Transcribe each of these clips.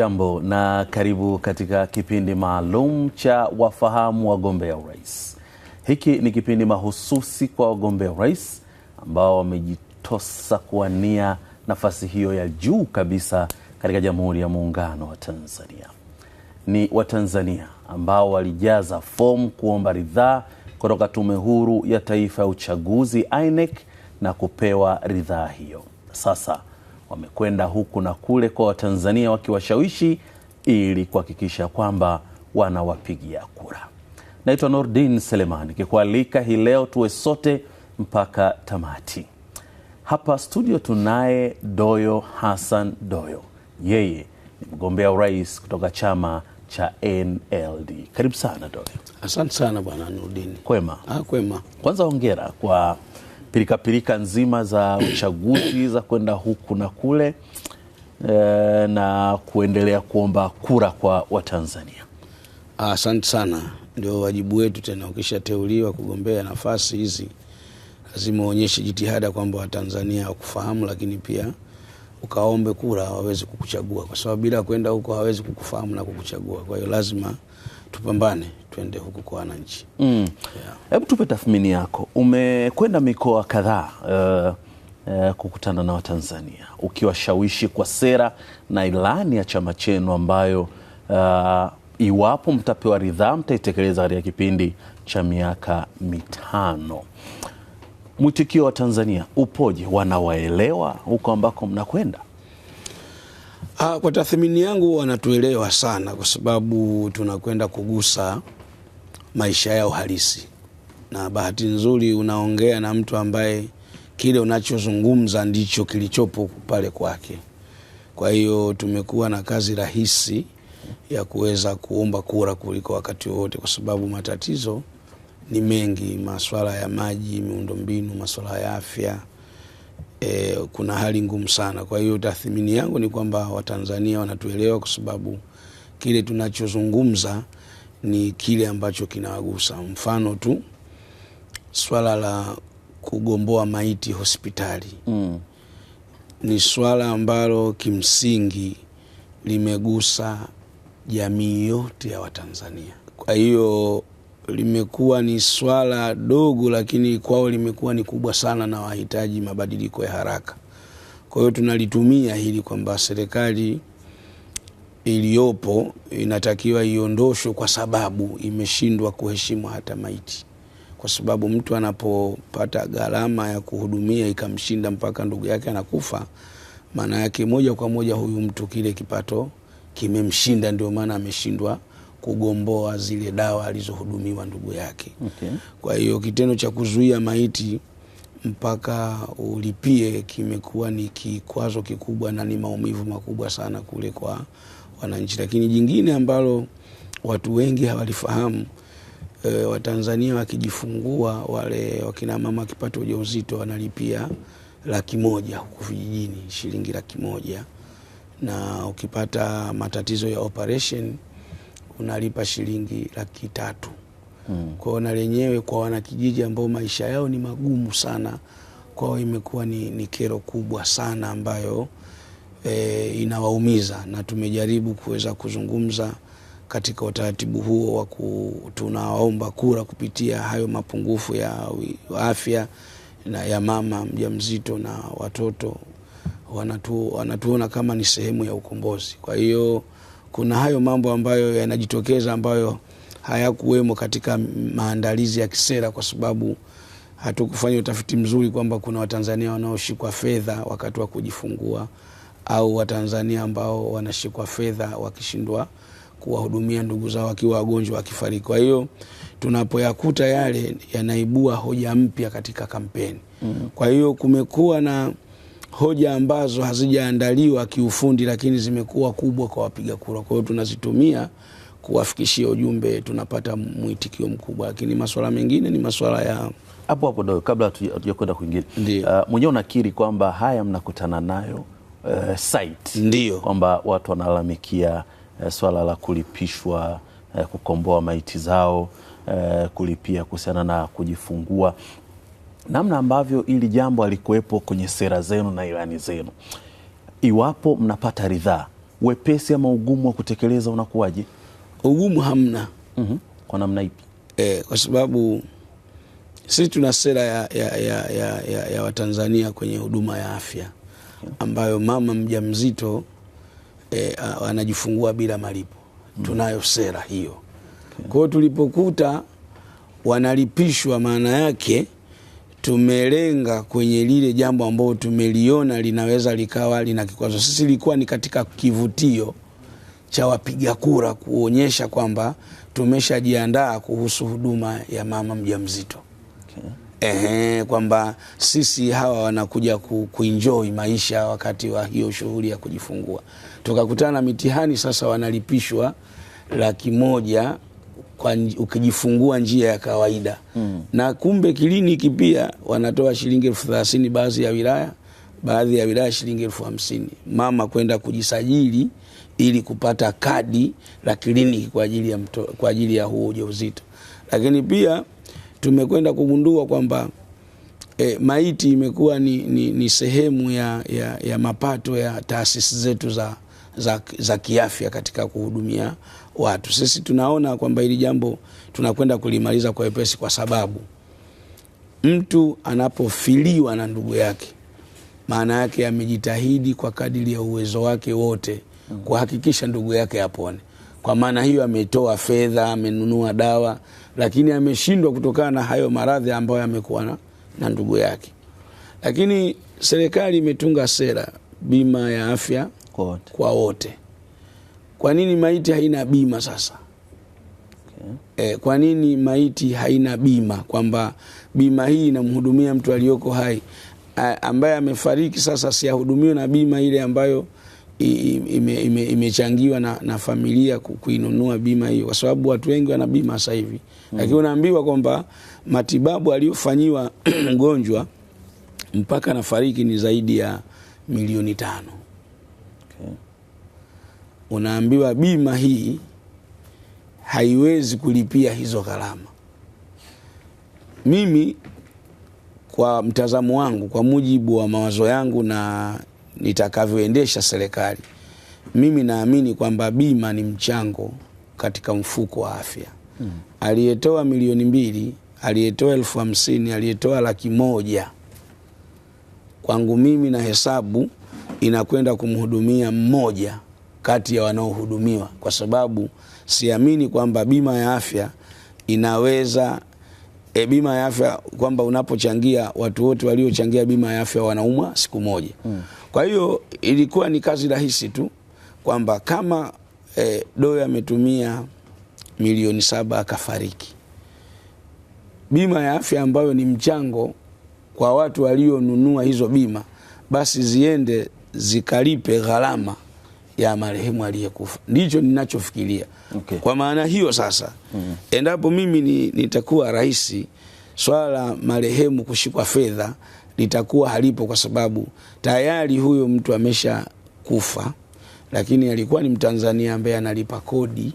Hujambo na karibu katika kipindi maalum cha wafahamu wagombea urais. Hiki ni kipindi mahususi kwa wagombea urais ambao wamejitosa kuwania nafasi hiyo ya juu kabisa katika Jamhuri ya Muungano wa Tanzania. Ni Watanzania ambao walijaza fomu kuomba ridhaa kutoka Tume Huru ya Taifa ya Uchaguzi INEC na kupewa ridhaa hiyo. Sasa wamekwenda huku na kule kwa Watanzania wakiwashawishi ili kuhakikisha kwamba wanawapigia kura. Naitwa Nordin Seleman nikikualika hii leo tuwe sote mpaka tamati. Hapa studio tunaye Doyo Hassan Doyo, yeye ni mgombea urais kutoka chama cha NLD. Karibu sana Doyo. Asante sana bwana Nordin. Kwema? Ah, kwema. Kwanza hongera kwa pirikapirika nzima za uchaguzi za kwenda huku na kule e, na kuendelea kuomba kura kwa Watanzania. Asante sana, ndio wajibu wetu tena. Ukishateuliwa kugombea nafasi hizi, lazima uonyeshe jitihada kwamba Watanzania wakufahamu, lakini pia ukaombe kura waweze kukuchagua, kwa sababu bila kwenda huko hawezi kukufahamu na kukuchagua. Kwa hiyo lazima tupambane twende huku kwa wananchi. Hebu mm. yeah. tupe tathmini yako, umekwenda mikoa kadhaa uh, uh, kukutana na Watanzania ukiwashawishi kwa sera na ilani ya chama chenu ambayo uh, iwapo mtapewa ridhaa mtaitekeleza katika kipindi cha miaka mitano. Mwitikio wa Tanzania upoje? Wanawaelewa huko ambako mnakwenda? Ah, kwa tathmini yangu, wanatuelewa sana, kwa sababu tunakwenda kugusa maisha yao halisi, na bahati nzuri unaongea na mtu ambaye kile unachozungumza ndicho kilichopo pale kwake. Kwa hiyo tumekuwa na kazi rahisi ya kuweza kuomba kura kuliko wakati wowote, kwa sababu matatizo ni mengi, maswala ya maji, miundombinu, maswala ya afya e, kuna hali ngumu sana. Kwa hiyo tathmini yangu ni kwamba Watanzania wanatuelewa kwa sababu kile tunachozungumza ni kile ambacho kinawagusa. Mfano tu swala la kugomboa maiti hospitali mm. ni swala ambalo kimsingi limegusa jamii yote ya Watanzania. Kwa hiyo limekuwa ni swala dogo, lakini kwao limekuwa ni kubwa sana na wahitaji mabadiliko ya haraka. Kwa hiyo tunalitumia hili kwamba serikali iliyopo inatakiwa iondoshwe kwa sababu imeshindwa kuheshimu hata maiti, kwa sababu mtu anapopata gharama ya kuhudumia ikamshinda mpaka ndugu yake anakufa, maana yake moja kwa moja huyu mtu kile kipato kimemshinda, ndio maana ameshindwa kugomboa zile dawa alizohudumiwa ndugu yake. Okay. Kwa hiyo kitendo cha kuzuia maiti mpaka ulipie kimekuwa ni kikwazo kikubwa na ni maumivu makubwa sana kule kwa wananchi. Lakini jingine ambalo watu wengi hawalifahamu e, Watanzania wakijifungua wale wakina mama wakipata ujauzito wanalipia laki moja huku vijijini, shilingi laki moja na ukipata matatizo ya operation unalipa shilingi laki tatu. Mm. Kwao na lenyewe kwa wanakijiji ambao maisha yao ni magumu sana, kwao imekuwa ni, ni kero kubwa sana ambayo e, inawaumiza na tumejaribu kuweza kuzungumza katika utaratibu huo wa tunawaomba kura kupitia hayo mapungufu ya afya na ya mama mjamzito na watoto wanatu, wanatuona kama ni sehemu ya ukombozi. Kwa hiyo kuna hayo mambo ambayo yanajitokeza ambayo hayakuwemo katika maandalizi ya kisera, kwa sababu hatukufanya utafiti mzuri kwamba kuna Watanzania wanaoshikwa fedha wakati wa kujifungua au Watanzania ambao wanashikwa fedha wakishindwa kuwahudumia ndugu zao wakiwa wagonjwa wakifariki. Kwa hiyo tunapoyakuta yale yanaibua hoja mpya katika kampeni mm. Kwa hiyo kumekuwa na hoja ambazo hazijaandaliwa kiufundi, lakini zimekuwa kubwa kwa wapiga kura. Kwa hiyo tunazitumia kuwafikishia ujumbe, tunapata mwitikio mkubwa, lakini masuala mengine ni masuala ya hapo hapo, kabla hatujakwenda kwingine. Uh, mwenyewe unakiri kwamba haya mnakutana nayo uh, site ndio kwamba watu wanalalamikia uh, swala la kulipishwa uh, kukomboa maiti zao uh, kulipia kuhusiana na kujifungua, namna ambavyo ili jambo alikuwepo kwenye sera zenu na ilani zenu, iwapo mnapata ridhaa, wepesi ama ugumu wa kutekeleza unakuwaje? Ugumu hamna. mm -hmm. Kwa namna ipi? Eh, kwa sababu sisi tuna sera ya, ya, ya, ya, ya, ya Watanzania kwenye huduma ya afya ambayo mama mjamzito e, anajifungua bila malipo mm. Tunayo sera hiyo okay. Kwa hiyo tulipokuta wanalipishwa, maana yake tumelenga kwenye lile jambo ambalo tumeliona linaweza likawa lina kikwazo. Sisi ilikuwa ni katika kivutio cha wapiga kura kuonyesha kwamba tumeshajiandaa kuhusu huduma ya mama mjamzito okay. Ehe, kwamba sisi hawa wanakuja ku, kuenjoy maisha wakati wa hiyo shughuli ya kujifungua. Tukakutana na mitihani sasa, wanalipishwa laki moja kwa ukijifungua njia ya kawaida mm. na kumbe kliniki pia wanatoa shilingi elfu thelathini baadhi ya wilaya, baadhi ya wilaya shilingi elfu hamsini mama kwenda kujisajili ili kupata kadi la kliniki kwa ajili ya, mto, kwa ajili ya huo ujauzito, lakini pia tumekwenda kugundua kwamba e, maiti imekuwa ni, ni, ni sehemu ya, ya, ya mapato ya taasisi zetu za, za, za kiafya katika kuhudumia watu. Sisi tunaona kwamba hili jambo tunakwenda kulimaliza kwa wepesi, kwa sababu mtu anapofiliwa na ndugu yake, maana yake amejitahidi kwa kadiri ya uwezo wake wote kuhakikisha ndugu yake apone. Kwa maana hiyo ametoa fedha, amenunua dawa lakini ameshindwa kutokana na hayo maradhi ambayo amekuwa na ndugu yake. Lakini serikali imetunga sera bima ya afya kwa wote. Kwa nini maiti haina bima sasa? Okay. E, kwa nini maiti haina bima kwamba bima hii inamhudumia mtu aliyoko hai ambaye amefariki sasa, siahudumiwe na bima ile ambayo imechangiwa ime, ime na, na familia kuinunua bima hiyo, kwa sababu watu wengi wana bima sasa hivi mm. Lakini unaambiwa kwamba matibabu aliyofanyiwa mgonjwa mpaka nafariki ni zaidi ya milioni tano. Okay. Unaambiwa bima hii haiwezi kulipia hizo gharama. Mimi kwa mtazamo wangu, kwa mujibu wa mawazo yangu na nitakavyoendesha serikali, mimi naamini kwamba bima ni mchango katika mfuko wa afya mm. Aliyetoa milioni mbili, aliyetoa elfu hamsini, aliyetoa laki moja, kwangu mimi na hesabu inakwenda kumhudumia mmoja kati ya wanaohudumiwa, kwa sababu siamini kwamba bima ya afya inaweza e, bima ya afya kwamba unapochangia watu wote waliochangia bima ya afya wanaumwa siku moja mm. Kwa hiyo ilikuwa ni kazi rahisi tu kwamba kama e, Doyo ametumia milioni saba akafariki, bima ya afya ambayo ni mchango kwa watu walionunua hizo bima, basi ziende zikalipe gharama ya marehemu aliyekufa. Ndicho ninachofikiria. Okay. Kwa maana hiyo sasa, mm -hmm. endapo mimi nitakuwa ni rais, swala la marehemu kushikwa fedha litakuwa halipo kwa sababu tayari huyo mtu amesha kufa, lakini alikuwa ni Mtanzania ambaye analipa kodi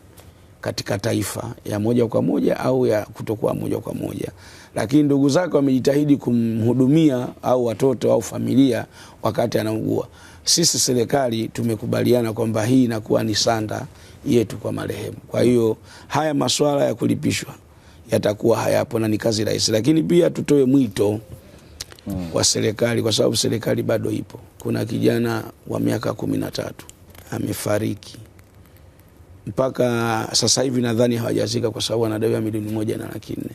katika taifa ya moja kwa moja au ya kutokuwa moja kwa moja, lakini ndugu zake wamejitahidi kumhudumia au watoto au familia wakati anaugua. Sisi serikali tumekubaliana kwamba hii inakuwa ni sanda yetu kwa marehemu. Kwa hiyo haya masuala ya kulipishwa yatakuwa hayapo na ni kazi rahisi, lakini pia tutoe mwito mm. wa serikali, kwa sababu serikali bado ipo. Kuna kijana wa miaka kumi na tatu amefariki mpaka sasa hivi nadhani hawajazika kwa sababu anadaiwa milioni moja na laki nne.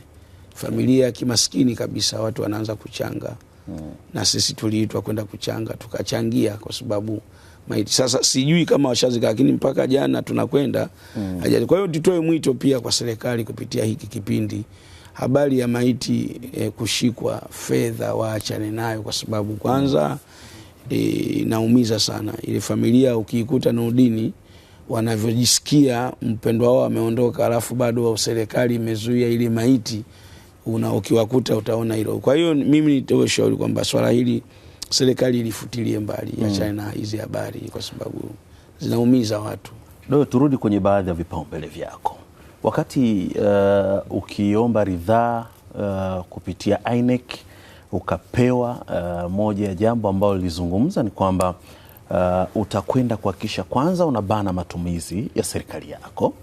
Familia ya kimaskini kabisa, watu wanaanza kuchanga mm. na sisi tuliitwa kwenda kuchanga, tukachangia kwa sababu maiti sasa sijui kama washazika, lakini mpaka jana tunakwenda mm. Kwa hiyo tutoe mwito pia kwa serikali kupitia hiki kipindi habari ya maiti e, kushikwa fedha waachane nayo, kwa sababu kwanza eh, inaumiza sana ile familia ukiikuta na udini wanavyojisikia mpendwa wao ameondoka, alafu bado serikali imezuia ile maiti una ukiwakuta utaona hilo. Kwa hiyo mimi nitoe shauri kwamba swala hili serikali ilifutilie mbali, mm. achane na hizi habari kwa sababu zinaumiza watu. Ndio turudi kwenye baadhi ya vipaumbele vyako. Wakati uh, ukiomba ridhaa uh, kupitia INEC ukapewa uh, moja ya jambo ambalo lilizungumza ni kwamba uh, utakwenda kuhakikisha kwanza unabana matumizi ya serikali yako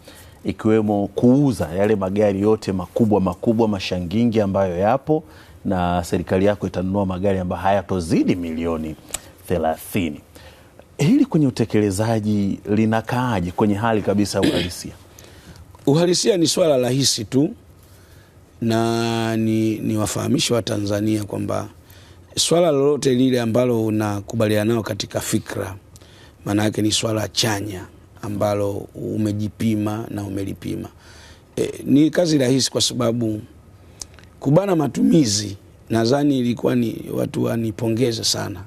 ikiwemo kuuza yale magari yote makubwa makubwa mashangingi ambayo yapo, na serikali yako itanunua magari ambayo hayatozidi milioni thelathini. Hili kwenye utekelezaji linakaaje kwenye hali kabisa ya uhalisia? Uhalisia ni swala rahisi tu, na ni, ni wafahamishi wa Tanzania kwamba swala lolote lile ambalo unakubaliana nao katika fikra, maana yake ni swala chanya ambalo umejipima na umelipima. E, ni kazi rahisi kwa sababu kubana matumizi nadhani ilikuwa ni watu wanipongeze sana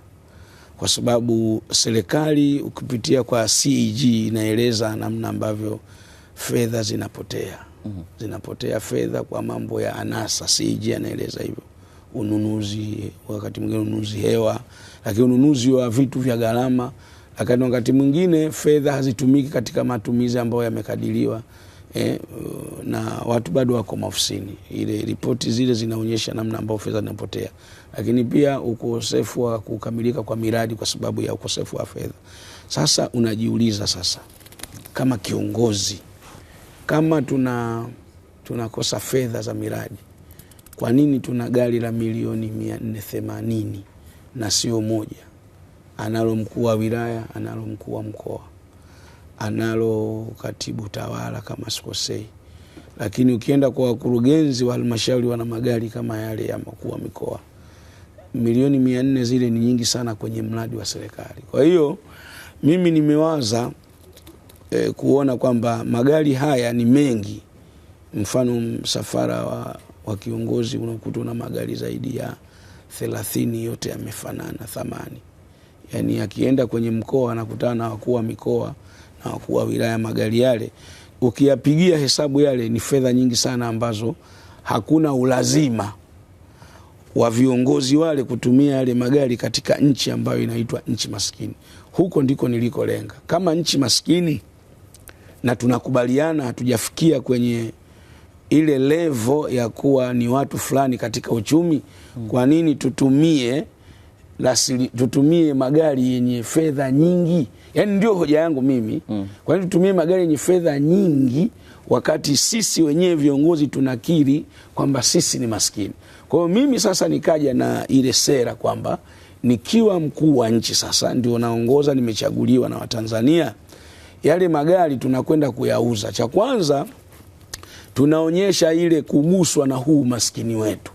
kwa sababu serikali ukipitia kwa CEG inaeleza namna ambavyo fedha zinapotea mm -hmm. zinapotea fedha kwa mambo ya anasa, siji anaeleza hivyo, ununuzi, wakati mwingine ununuzi hewa, lakini ununuzi wa vitu vya gharama, lakini wakati mwingine fedha hazitumiki katika matumizi ambayo yamekadiliwa E, eh, na watu bado wako maofisini. Ile ripoti zile zinaonyesha namna ambayo fedha zinapotea, lakini pia ukosefu wa kukamilika kwa miradi kwa sababu ya ukosefu wa fedha. Sasa unajiuliza sasa, kama kiongozi kama tuna tunakosa fedha za miradi, kwa nini tuna gari la milioni mia nne themanini na sio moja? Analo mkuu wa wilaya, analo mkuu wa mkoa, analo katibu tawala kama sikosei, lakini ukienda kwa wakurugenzi wa halmashauri wana magari kama yale ya makuu wa mikoa. Milioni mia nne zile ni nyingi sana kwenye mradi wa serikali. Kwa hiyo mimi nimewaza eh, kuona kwamba magari haya ni mengi. Mfano msafara wa, wa kiongozi unakuta una magari zaidi ya thelathini, yote yamefanana thamani. Yani akienda kwenye mkoa anakutana na wakuu wa mikoa na wakuu wa wilaya, magari yale ukiyapigia hesabu yale ni fedha nyingi sana ambazo hakuna ulazima wa viongozi wale kutumia yale magari katika nchi ambayo inaitwa nchi maskini. Huko ndiko nilikolenga. Kama nchi maskini na tunakubaliana hatujafikia kwenye ile levo ya kuwa ni watu fulani katika uchumi mm. Kwa nini tutumie lasili, tutumie magari yenye fedha nyingi? Yaani ndio hoja yangu mimi mm. Kwa nini tutumie magari yenye fedha nyingi wakati sisi wenyewe viongozi tunakiri kwamba sisi ni maskini? Kwa hiyo mimi sasa nikaja na ile sera kwamba nikiwa mkuu wa nchi sasa, ndio naongoza, nimechaguliwa na Watanzania yale magari tunakwenda kuyauza. Cha kwanza tunaonyesha ile kuguswa na huu umaskini wetu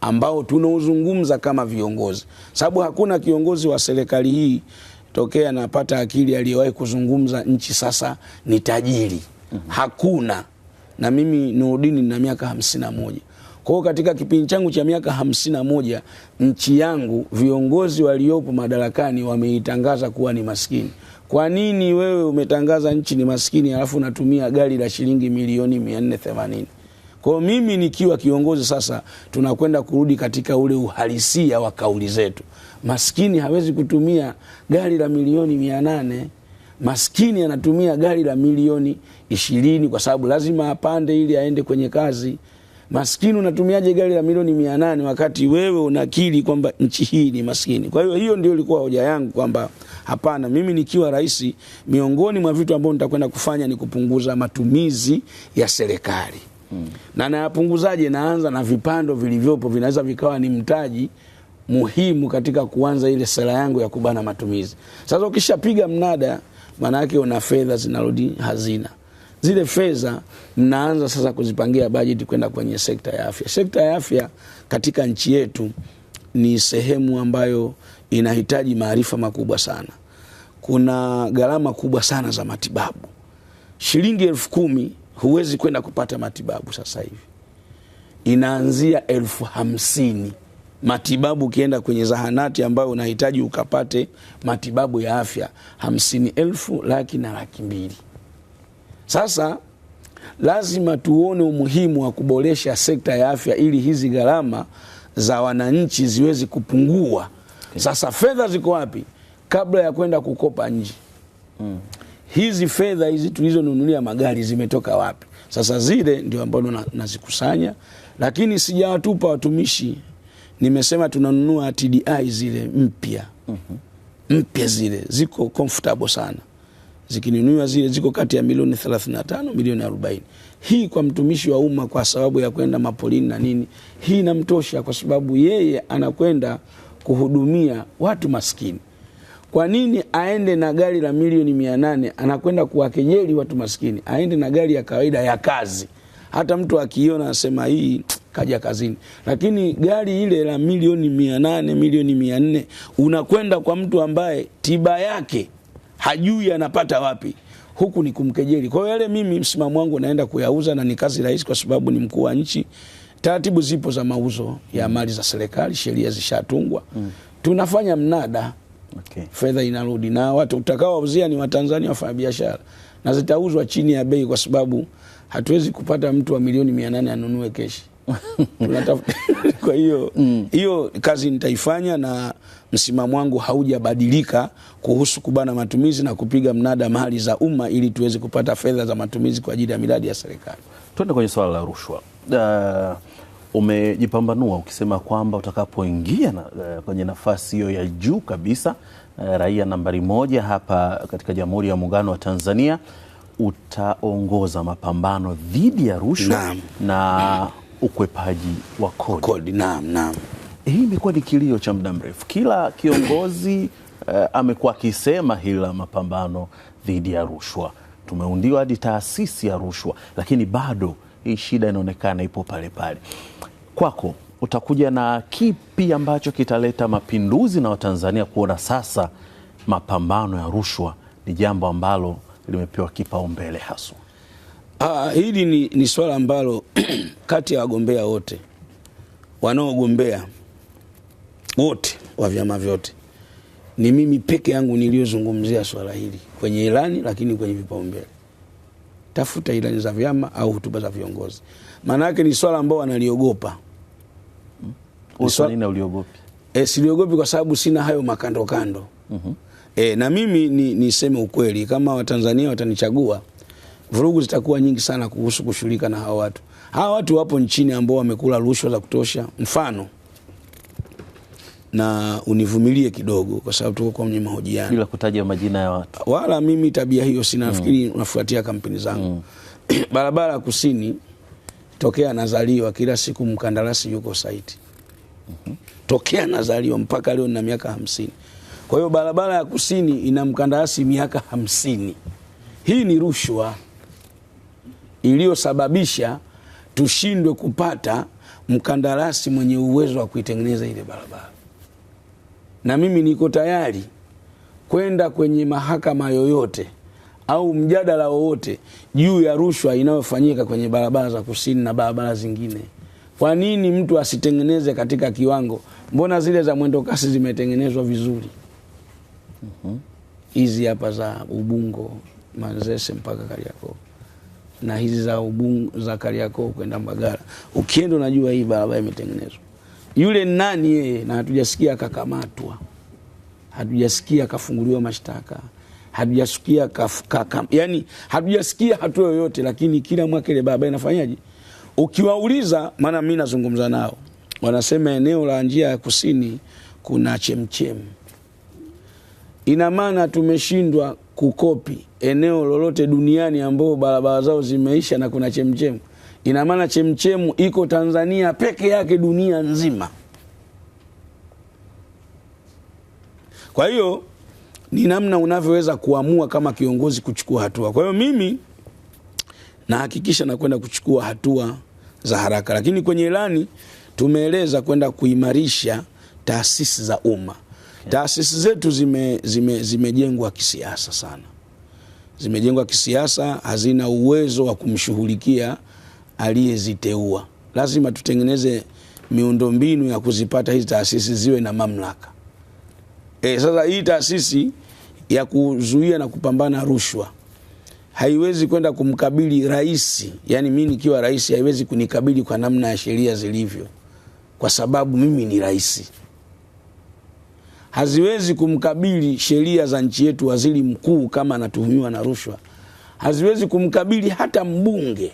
ambao tunauzungumza kama viongozi, sababu hakuna kiongozi wa serikali hii tokea napata akili aliyewahi kuzungumza nchi sasa ni tajiri. Mhm. Hakuna. Na mimi Nurdini na miaka hamsini na moja. Kwa hiyo katika kipindi changu cha miaka hamsini na moja nchi yangu viongozi waliopo madarakani wameitangaza kuwa ni maskini. Kwa nini wewe umetangaza nchi ni maskini alafu unatumia gari la shilingi milioni 480? Kwa mimi nikiwa kiongozi sasa, tunakwenda kurudi katika ule uhalisia wa kauli zetu. Maskini hawezi kutumia gari la milioni mia Maskini anatumia gari la milioni ishirini kwa sababu lazima apande ili aende kwenye kazi maskini unatumiaje gari la milioni mia nane wakati wewe unakiri kwamba nchi hii ni maskini? Kwa hiyo hiyo ndio ilikuwa hoja yangu kwamba hapana, mimi nikiwa rais, miongoni mwa vitu ambavyo nitakwenda kufanya ni kupunguza matumizi ya serikali. Hmm. Na nayapunguzaje? Naanza na vipando vilivyopo, vinaweza vikawa ni mtaji muhimu katika kuanza ile sera yangu ya kubana matumizi. Sasa ukishapiga mnada, maana yake una fedha zinarudi hazina. Zile fedha mnaanza sasa kuzipangia bajeti kwenda kwenye sekta ya afya. Sekta ya afya katika nchi yetu ni sehemu ambayo inahitaji maarifa makubwa sana. Kuna gharama kubwa sana za matibabu. Shilingi elfu kumi huwezi kwenda kupata matibabu sasa hivi, inaanzia elfu hamsini matibabu ukienda kwenye zahanati ambayo unahitaji ukapate matibabu ya afya hamsini elfu laki na laki mbili. Sasa lazima tuone umuhimu wa kuboresha sekta ya afya ili hizi gharama za wananchi ziwezi kupungua. Sasa fedha ziko wapi? Kabla ya kwenda kukopa nje mm. hizi fedha hizi tulizonunulia magari zimetoka wapi? Sasa zile ndio ambazo nazikusanya na, lakini sijawatupa watumishi. Nimesema tunanunua TDI zile mpya mm -hmm. mpya zile ziko comfortable sana zikinunua zile ziko kati ya milioni 35 milioni 40. Hii kwa mtumishi wa umma kwa sababu ya kwenda mapolini na nini, hii inamtosha kwa sababu yeye anakwenda kuhudumia watu maskini. Kwa nini aende na gari la milioni 800? Anakwenda kuwakejeli watu maskini. Aende na gari ya kawaida ya kazi, hata mtu akiona anasema hii kaja kazini. Lakini gari ile la milioni 800 milioni 400 unakwenda kwa mtu ambaye tiba yake hajui anapata wapi huku ni kumkejeli. Kwa hiyo yale mimi msimamo wangu naenda kuyauza na ni kazi rahisi, kwa sababu ni mkuu wa nchi. Taratibu zipo za mauzo ya mm. mali za serikali, sheria zishatungwa. Mm. Tunafanya mnada. Okay. Fedha inarudi na watu utakaouzia ni Watanzania wafanyabiashara, na zitauzwa chini ya bei, kwa sababu hatuwezi kupata mtu wa milioni 800 anunue keshi. Kwa hiyo mm. hiyo mm. kazi nitaifanya na msimamo wangu haujabadilika kuhusu kubana matumizi na kupiga mnada mali za umma ili tuweze kupata fedha za matumizi kwa ajili ya miradi ya serikali. Tuende kwenye swala la rushwa. Uh, umejipambanua ukisema kwamba utakapoingia na, uh, kwenye nafasi hiyo ya juu kabisa uh, raia nambari moja hapa katika Jamhuri ya Muungano wa Tanzania utaongoza mapambano dhidi ya rushwa na ukwepaji wa kodi. Kodi, naam, naam hii imekuwa ni kilio cha muda mrefu. Kila kiongozi uh, amekuwa akisema hili la mapambano dhidi ya rushwa. Tumeundiwa hadi taasisi ya rushwa, lakini bado hii shida inaonekana ipo pale pale. Kwako utakuja na kipi ambacho kitaleta mapinduzi na Watanzania kuona sasa mapambano ya rushwa ni jambo ambalo limepewa kipaumbele haswa? Ah, hili ni, ni swala ambalo kati ya wagombea wote wanaogombea wote wa vyama vyote, ni mimi peke yangu niliyozungumzia swala hili kwenye ilani, lakini kwenye vipaumbele. Tafuta ilani za vyama au hotuba za viongozi, maana yake ni swala ambao wanaliogopa. E, siliogopi kwa sababu sina hayo makandokando mm -hmm. E, eh, na mimi ni, niseme ukweli kama Watanzania watanichagua vurugu zitakuwa nyingi sana kuhusu kushughulika na hawa watu. Hawa watu wapo nchini ambao wamekula rushwa za kutosha. Mfano na univumilie kidogo, kwa sababu tuko kwenye mahojiano, bila kutaja majina ya watu wala mimi. Tabia hiyo sina, nafikiri mm. nafuatia kampeni zangu mm. barabara ya kusini tokea nazaliwa, kila siku mkandarasi yuko saiti mm -hmm. tokea nazaliwa mpaka leo nina miaka hamsini. Kwa hiyo barabara ya kusini ina mkandarasi miaka hamsini. Hii ni rushwa iliyosababisha tushindwe kupata mkandarasi mwenye uwezo wa kuitengeneza ile barabara na mimi niko tayari kwenda kwenye mahakama yoyote au mjadala wowote juu ya rushwa inayofanyika kwenye barabara za kusini na barabara zingine. Kwa nini mtu asitengeneze katika kiwango? Mbona zile za mwendokasi zimetengenezwa vizuri? Mhm. hizi mm hapa za Ubungo Manzese mpaka Kariakoo na hizi za Ubungo za Kariakoo kwenda Mbagala, ukienda unajua hii barabara imetengenezwa yule nani yeye, na hatujasikia akakamatwa, hatujasikia akafunguliwa mashtaka, hatujasikia yani, hatujasikia hatua yoyote. Lakini kila mwaka ile baba inafanyaje? Ukiwauliza, maana mimi nazungumza nao, wanasema eneo la njia ya kusini kuna chemchem. Ina maana tumeshindwa kukopi eneo lolote duniani ambao barabara zao zimeisha na kuna chemchem ina maana chemchemu iko Tanzania peke yake dunia nzima. Kwa hiyo ni namna unavyoweza kuamua kama kiongozi kuchukua hatua. Kwa hiyo mimi nahakikisha nakwenda kuchukua hatua za haraka, lakini kwenye ilani tumeeleza kwenda kuimarisha taasisi za umma. Taasisi zetu zimejengwa zime, zime kisiasa sana, zimejengwa kisiasa, hazina uwezo wa kumshughulikia aliyeziteua. Lazima tutengeneze miundombinu ya kuzipata hizi taasisi ziwe na mamlaka. E, sasa hii taasisi ya kuzuia na kupambana rushwa haiwezi kwenda kumkabili rais, yani mi nikiwa rais haiwezi kunikabili kwa namna ya sheria zilivyo, kwa sababu mimi ni rais. Haziwezi kumkabili sheria za nchi yetu waziri mkuu kama anatuhumiwa na rushwa, haziwezi kumkabili hata mbunge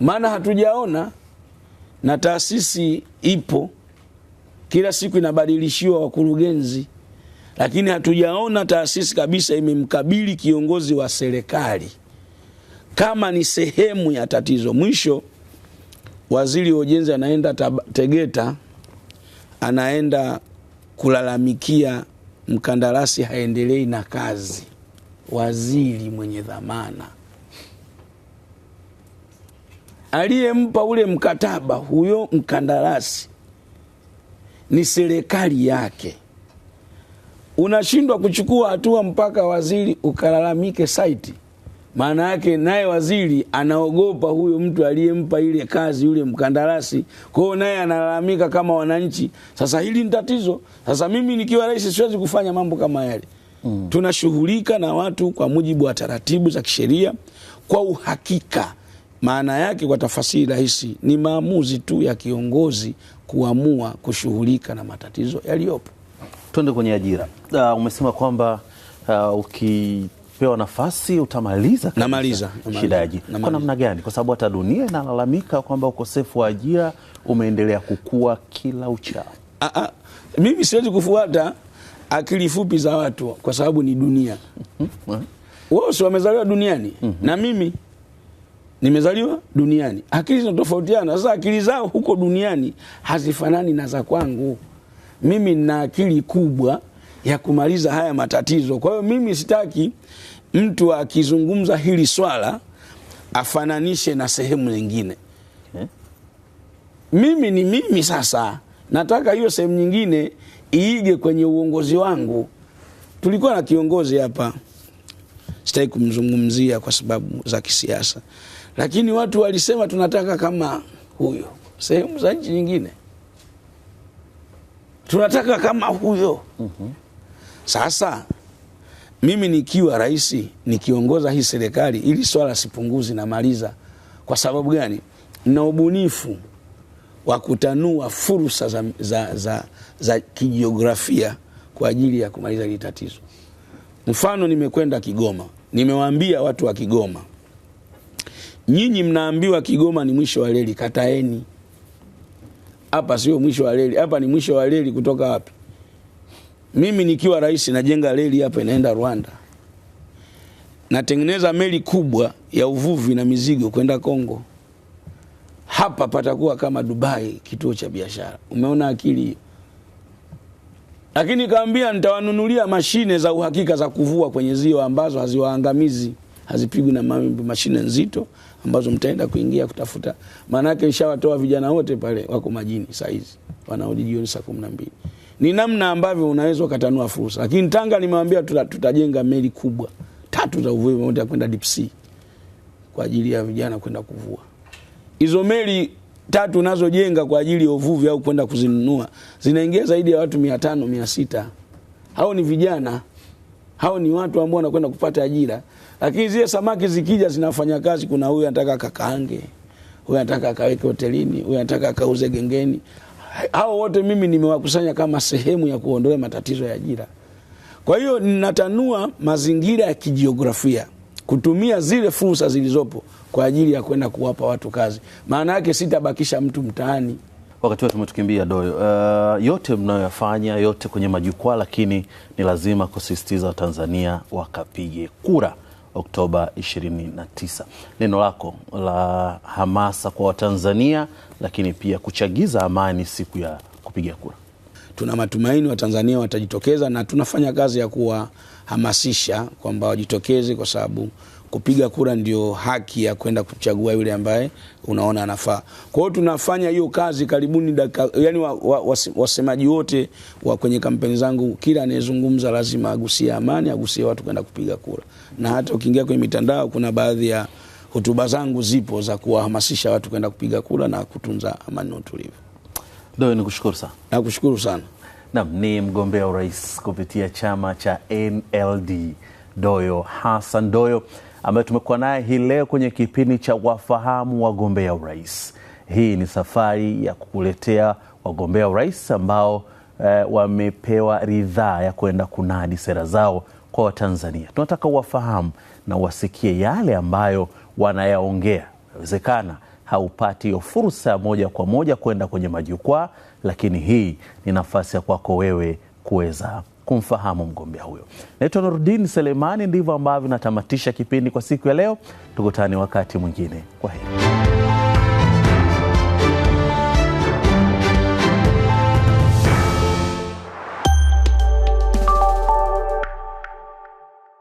maana hatujaona na taasisi ipo kila siku inabadilishiwa wakurugenzi, lakini hatujaona taasisi kabisa imemkabili kiongozi wa serikali kama ni sehemu ya tatizo. Mwisho, waziri wa ujenzi anaenda Tegeta, anaenda kulalamikia mkandarasi haendelei na kazi, waziri mwenye dhamana aliyempa ule mkataba huyo mkandarasi ni serikali yake. Unashindwa kuchukua hatua mpaka waziri ukalalamike saiti. Maana yake naye waziri anaogopa huyo mtu aliyempa ile kazi, yule mkandarasi. Kwa hiyo naye analalamika kama wananchi. Sasa hili ni tatizo. Sasa mimi nikiwa rais siwezi kufanya mambo kama yale. Mm. Tunashughulika na watu kwa mujibu wa taratibu za kisheria kwa uhakika maana yake kwa tafasiri rahisi, ni maamuzi tu ya kiongozi kuamua kushughulika na matatizo yaliyopo. Tuende kwenye ajira. Uh, umesema kwamba uh, ukipewa nafasi utamaliza namaliza shida ya ajira kwa namna gani? Kwa sababu hata dunia inalalamika kwamba ukosefu wa ajira umeendelea kukua kila uchao. Ah, mimi siwezi kufuata akili fupi za watu kwa sababu ni dunia. Mhm. Wao si wamezaliwa duniani? mm -hmm. na mimi nimezaliwa duniani. Akili zinatofautiana. Sasa akili zao huko duniani hazifanani na za kwangu. Mimi nina akili kubwa ya kumaliza haya matatizo. Kwa hiyo mimi sitaki mtu akizungumza hili swala afananishe na sehemu nyingine. Hmm? Mimi ni mimi. Sasa nataka hiyo sehemu nyingine iige kwenye uongozi wangu. Tulikuwa na kiongozi hapa, sitaki kumzungumzia kwa sababu za kisiasa lakini watu walisema tunataka kama huyo. Sehemu za nchi nyingine tunataka kama huyo. Mhm. Sasa mimi nikiwa rais nikiongoza hii serikali, ili swala sipunguzi, namaliza. Kwa sababu gani? na ubunifu wa kutanua fursa za, za, za, za kijiografia kwa ajili ya kumaliza hili tatizo. Mfano, nimekwenda Kigoma, nimewaambia watu wa Kigoma nyinyi mnaambiwa Kigoma ni mwisho wa reli, kataeni. Hapa sio mwisho wa reli, hapa ni mwisho wa reli. Kutoka wapi? Mimi nikiwa rais najenga reli hapa inaenda Rwanda, natengeneza meli kubwa ya uvuvi na mizigo kwenda Kongo. Hapa patakuwa kama Dubai, kituo cha biashara. Umeona akili hiyo? Lakini kaambia nitawanunulia mashine za uhakika za kuvua kwenye ziwa ambazo haziwaangamizi, hazipigwi na mawimbi, mashine nzito ambazo mtaenda kuingia kutafuta, maanake nishawatoa vijana wote pale, wako majini saizi wanaoji jioni saa kumi na mbili. Ni namna ambavyo unaweza ukatanua fursa, lakini Tanga nimewaambia tutajenga meli kubwa tatu za uvuvi pamoja kwenda deep sea kwa ajili ya vijana kwenda kuvua. Hizo meli tatu unazojenga kwa ajili ya uvuvi au kwenda kuzinunua zinaingia zaidi ya watu mia tano mia sita. Hao ni vijana, hao ni watu ambao wanakwenda kupata ajira. Lakini zile samaki zikija zinafanya kazi, kuna huyu anataka kakaange, huyu anataka akaweke hotelini, huyu anataka akauze gengeni. Hao wote mimi nimewakusanya kama sehemu ya kuondoa matatizo ya ajira. Kwa hiyo ninatanua mazingira ya kijiografia kutumia zile fursa zilizopo kwa ajili ya kwenda kuwapa watu kazi. Maana yake sitabakisha mtu mtaani. Wakati wetu umetukimbia Doyo. Uh, yote mnayoyafanya yote kwenye majukwaa, lakini ni lazima kusisitiza Watanzania wakapige kura. Oktoba 29. Neno lako la hamasa kwa Watanzania, lakini pia kuchagiza amani siku ya kupiga kura. Tuna matumaini Watanzania watajitokeza na tunafanya kazi ya kuwahamasisha kwamba wajitokeze kwa sababu kupiga kura ndio haki ya kwenda kuchagua yule ambaye unaona anafaa. Kwa hiyo tunafanya hiyo kazi karibuni dakika, yani wa, wa, wasemaji wote wa kwenye kampeni zangu, kila anayezungumza lazima agusie amani, agusie watu kwenda kupiga kura, na hata ukiingia kwenye mitandao kuna baadhi ya hotuba zangu zipo za kuwahamasisha watu kwenda kupiga kura na kutunza amani na utulivu. Doyo, nikushukuru sana. Nakushukuru sana. Naam, ni mgombea urais kupitia chama cha NLD Doyo Hassan Doyo ambaye tumekuwa naye hii leo kwenye kipindi cha wafahamu wagombea urais. Hii ni safari ya kukuletea wagombea urais ambao eh, wamepewa ridhaa ya kwenda kunadi sera zao kwa Watanzania. Tunataka wafahamu na wasikie yale ambayo wanayaongea. Inawezekana haupati hiyo fursa moja kwa moja kwenda kwenye majukwaa, lakini hii ni nafasi ya kwako wewe kuweza kumfahamu mgombea huyo. Naitwa Nurdin Selemani, ndivyo ambavyo natamatisha kipindi kwa siku ya leo. Tukutane wakati mwingine, kwa heri.